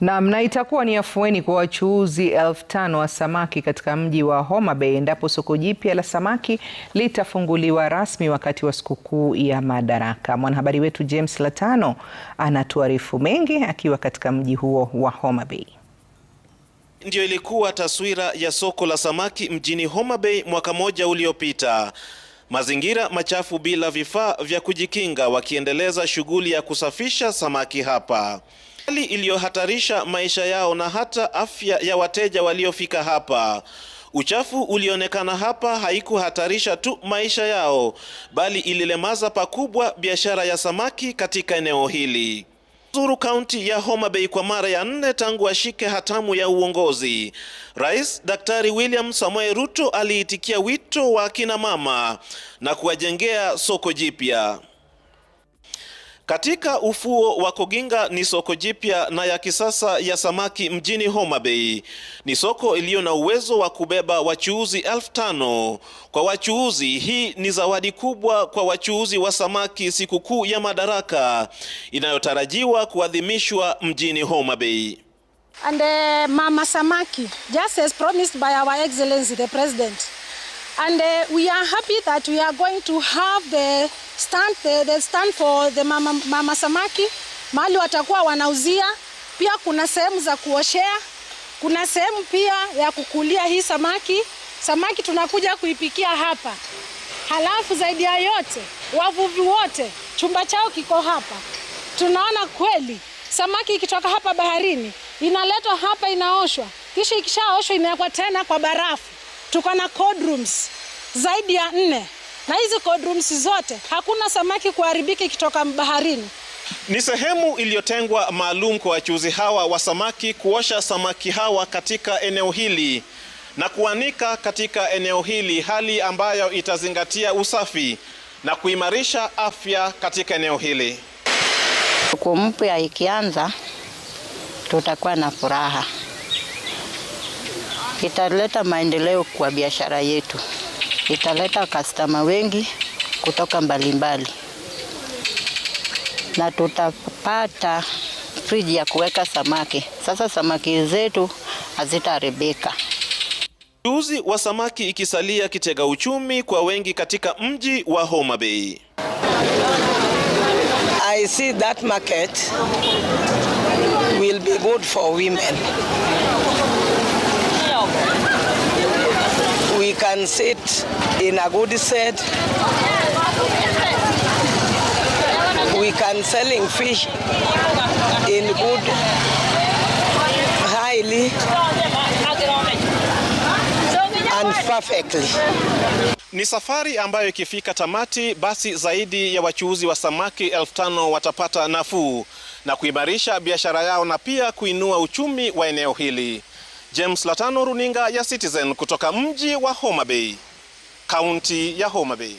Naam, na itakuwa ni afueni kwa wachuuzi elfu tano wa samaki katika mji wa Homa Bay endapo soko jipya la samaki litafunguliwa rasmi wakati wa sikukuu ya Madaraka. Mwanahabari wetu James Latano anatuarifu mengi akiwa katika mji huo wa Homa Bay. Ndiyo ilikuwa taswira ya soko la samaki mjini Homa Bay mwaka moja uliopita. Mazingira machafu bila vifaa vya kujikinga wakiendeleza shughuli ya kusafisha samaki hapa hali iliyohatarisha maisha yao na hata afya ya wateja waliofika hapa. Uchafu ulionekana hapa haikuhatarisha tu maisha yao, bali ililemaza pakubwa biashara ya samaki katika eneo hili. Zuru kaunti ya Homa Bay kwa mara ya nne tangu ashike hatamu ya uongozi. Rais Daktari William Samoei Ruto aliitikia wito wa akina mama na kuwajengea soko jipya. Katika ufuo wa Koginga ni soko jipya na ya kisasa ya samaki mjini Homa Bay. Ni soko iliyo na uwezo wa kubeba wachuuzi elfu tano. Kwa wachuuzi, hii ni zawadi kubwa kwa wachuuzi wa samaki sikukuu ya Madaraka inayotarajiwa kuadhimishwa mjini Homa Bay. And, uh, Mama Samaki, just as promised by our excellency the president. And uh, we are happy that we are going to have the stand, the, the stand for the mama, mama samaki mahali watakuwa wanauzia. Pia kuna sehemu za kuoshea, kuna sehemu pia ya kukulia hii samaki. Samaki tunakuja kuipikia hapa, halafu zaidi ya yote wavuvi wote chumba chao kiko hapa. Tunaona kweli samaki ikitoka hapa baharini inaletwa hapa, inaoshwa, kisha ikishaoshwa inawekwa tena kwa barafu tuko na code rooms zaidi ya nne, na hizi code rooms zote hakuna samaki kuharibiki kitoka baharini. Ni sehemu iliyotengwa maalum kwa wachuuzi hawa wa samaki kuosha samaki hawa katika eneo hili na kuanika katika eneo hili, hali ambayo itazingatia usafi na kuimarisha afya katika eneo hili. Siku mpya ikianza, tutakuwa na furaha italeta maendeleo kwa biashara yetu, italeta kastama wengi kutoka mbalimbali mbali. Na tutapata friji ya kuweka samaki. Sasa samaki zetu hazitaharibika. Uchuzi wa samaki ikisalia kitega uchumi kwa wengi katika mji wa Homa Bay. I see that market will be good for women. We can sit in a good set. We can selling fish in good highly and perfectly. Ni safari ambayo ikifika tamati basi zaidi ya wachuuzi wa samaki elfu tano watapata nafuu na kuimarisha biashara yao na pia kuinua uchumi wa eneo hili. James Latano, runinga ya Citizen kutoka mji wa Homa Bay, kaunti ya Homa Bay.